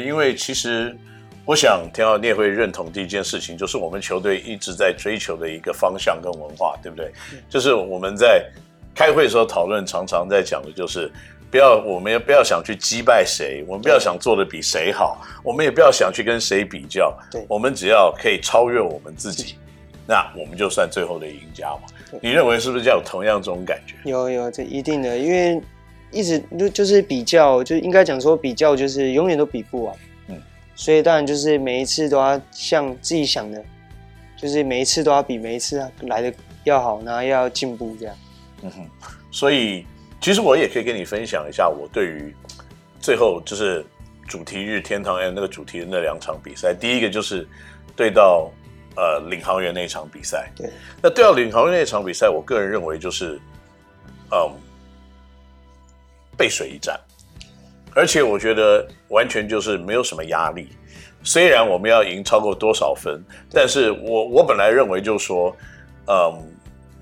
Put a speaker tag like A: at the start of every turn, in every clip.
A: 因為其實，我想田浩，你也會認同第一件事情，就是我們球隊一直在追求的一個方向跟文化，對不對？嗯、就是我們在開會的時候討論，嗯、常常在講的就是，不要我們也不要想去擊敗誰，我們不要想做的比誰好，對我們也不要想去跟誰比較，對我們只要可以超越我們自己，那我們就算最後的贏家嘛。對你認為是不是這樣？有同樣這種感覺，有有這一定的，因為。一直就就是比較，就應該講說比較，就是永遠都比不完。嗯，所以當然就是每一次都要像自己想的，就是每一次都要比每一次來得要好，然後要進步這樣。嗯哼，所以其實我也可以跟你分享一下，我對於最後就是主題日天堂 M 那個主題的那兩場比賽，第一個就是對到呃領航猿那場比賽。對，那對到領航猿那場比賽，我個人認為就是嗯。背水一戰，而且我覺得完全就是沒有什麼壓力。雖然我們要贏超過多少分，但是我我本來認為就說，嗯，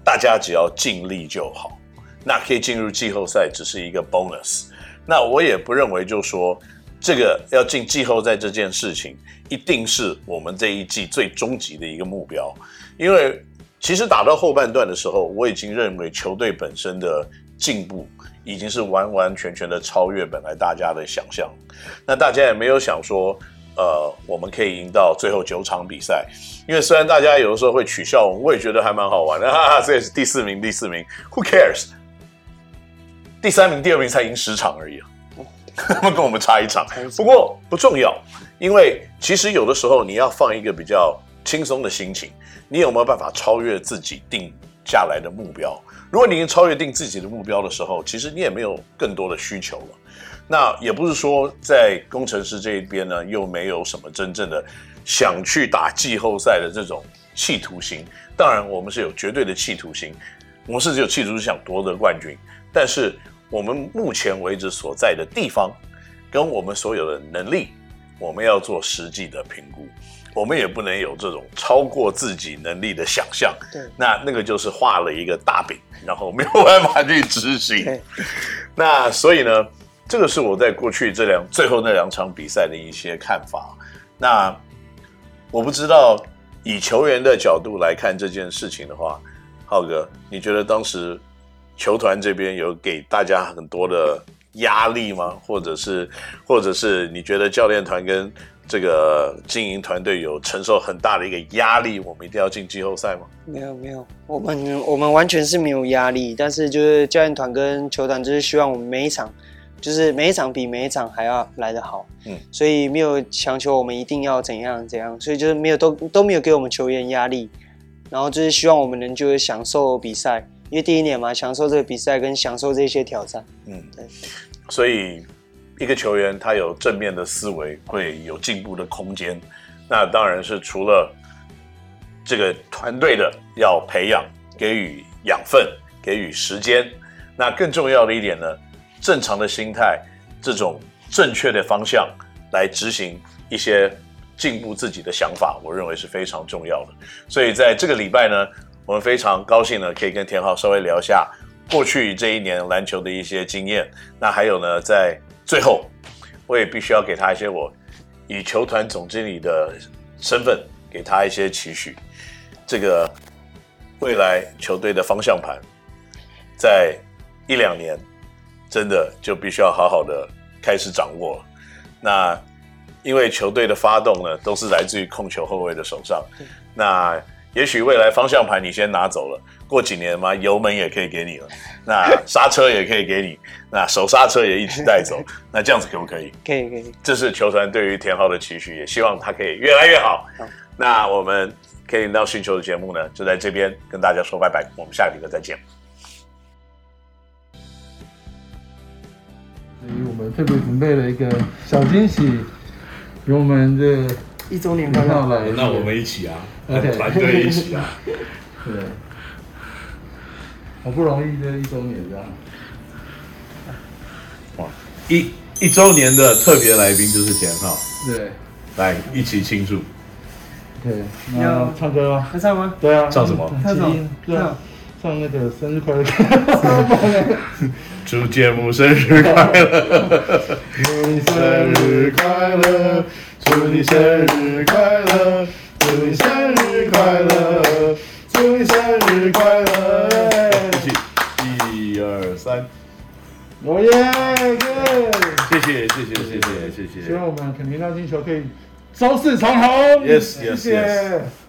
A: 大家只要盡力就好，那可以進入季後賽只是一個 bonus。那我也不認為就說這個要進季後賽這件事情一定是我們這一季最終極的一個目標，因為其實打到後半段的時候，我已經認為球隊本身的。進步已經是完完全全的超越本來大家的想象，那大家也沒有想說，呃，我們可以贏到最後九場比賽，因為雖然大家有的時候會取笑我們，我也覺得還蠻好玩的，哈哈，這也是第四名，第四名，Who cares？第三名、第二名才贏十場而已啊，呵呵跟我們差一場，不過不重要，因為其實有的時候你要放一個比較輕鬆的心情，你有沒有辦法超越自己定？下來的目標，如果你已經超越定自己的目標的時候，其實你也沒有更多的需求了。那也不是說在攻城獅這一邊呢，又沒有什麼真正的想去打季後賽的這種企圖心。當然，我們是有絕對的企圖心，我們是只有企圖想奪得冠軍。但是我們目前為止所在的地方，跟我們所有的能力，我們要做實際的評估。我們也不能有這種超過自己能力的想象，對，那那個就是畫了一個大餅，然後沒有辦法去執行。對那所以呢，這個是我在過去這兩，最後那兩場比賽的一些看法。那我不知道以球員的角度來看這件事情的話，浩哥，你覺得當時球團這邊有給大家很多的壓力嗎？或者是，或者是你覺得教練團跟？這個經營團隊有承受很大的一個壓力，我們一定要進季後賽嗎？沒有沒有，我們我們完全是沒有壓力，但是就是教練團跟球團就是希望我們每一場，就是每一場比每一場還要來得好。嗯，所以沒有強求我們一定要怎樣怎樣，所以就是沒有都都沒有給我們球員壓力，然後就是希望我們能就是享受比賽，因為第一年嘛，享受這個比賽跟享受這些挑戰。嗯，對，所以。一個球員，他有正面的思維，會有進步的空間。那當然是除了這個團隊的要培養、給予養分、給予時間。那更重要的一點呢，正常的心態，這種正確的方向來執行一些進步自己的想法，我認為是非常重要的。所以在這個禮拜呢，我們非常高興呢，可以跟田浩稍微聊一下過去這一年籃球的一些經驗。那還有呢，在最後，我也必須要給他一些我以球團總經理的身份給他一些期許。這個未來球隊的方向盤，在一兩年真的就必須要好好的開始掌握了。那因為球隊的發動呢，都是來自於控球後衛的手上。那也許未來方向盤你先拿走了，過幾年嘛，油門也可以給你了，那剎車也可以給你，那手剎車也一起帶走，那這樣子可不可以？可以可以，可以，這是球團對於田浩的期許，也希望他可以越來越好。好，那我們可以到星球的節目呢，就在這邊跟大家說拜拜，我們下一個禮拜再見。哎，我們特別準備了一個小驚喜，由我們的。一週年快到了，那我們一起啊，團隊一起啊，對，好不容易的一週年這樣，哇，一一週年的特別來賓就是田浩，對，來一起慶祝，對，你要唱歌嗎？還唱嗎？對啊，唱什麼？唱唱那個生日快樂歌，祝節目生日
B: 快樂，生日
A: 快樂。祝你生日快樂，祝你生日快樂，祝你生日快樂！哦、一、二、三，哦耶耶。謝謝，謝謝，謝謝，謝謝。謝謝，希望我們肯尼 NOW 星球可以周四長紅。Yes，Yes，Yes yes, 謝。Yes.